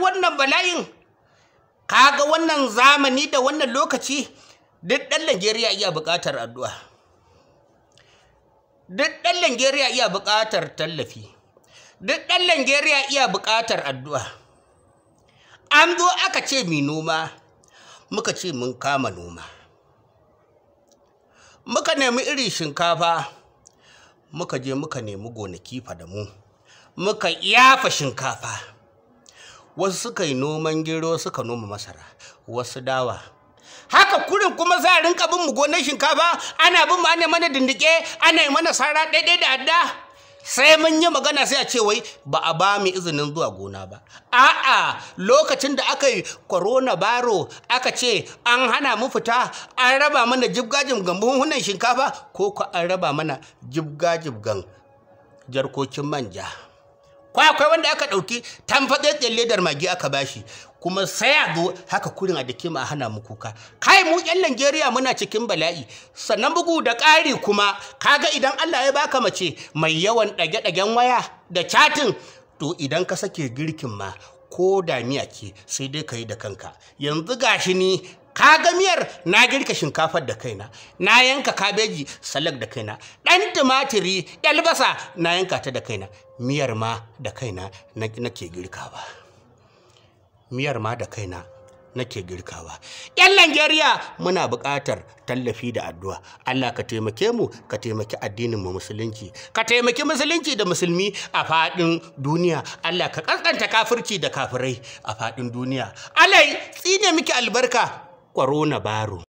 wannan bala'in kaga wannan zamani da wannan lokaci duk ɗan Najeriya iya buƙatar addu'a duk ɗan Najeriya iya buƙatar tallafi duk ɗan Najeriya iya buƙatar addu'a an zo aka ce mi noma muka ce mun kama noma muka nemi iri shinkafa muka je muka nemi gonaki mu, muka yafa shinkafa wasu suka yi noman gero suka noma masara wasu dawa haka kurin kuma za a rinka bin mu gonar shinkafa ana bin mu ana mana dindike ana yi mana sara daidai da adda sai mun yi magana sai a ce wai ba a ba mu izinin zuwa gona ba a'a lokacin da aka yi corona baro aka ce an hana mu fita an raba mana jibgajib buhunan shinkafa ko ko an raba mana jibgajin gan jarkokin manja ko akwai wanda aka ɗauki tamfatsatsen ledar magi aka bashi kuma sai a zo haka kurin a dake a hana mu kuka kai mu yan Najeriya muna cikin bala'i sannan bugu da ƙari kuma kaga idan Allah ya baka mace mai yawan ɗage-ɗagen waya da chatin to idan ka sake girkin ma ko da miya ce sai dai ka yi da kanka yanzu gashi ni ka ga miyar na girka shinkafar da kaina na yanka kabeji salak da kaina ɗan tumatiri albasa na yanka ta da kaina miyar ma da kaina nake girkawa miyar ma da kaina nake girkawa yan Najeriya muna buƙatar tallafi da addu'a Allah ka taimake mu ka taimaki addinin mu musulunci ka taimaki musulunci da musulmi a faɗin duniya Allah ka kaskanta kafirci da kafirai a faɗin duniya alai tsine miki albarka na baro.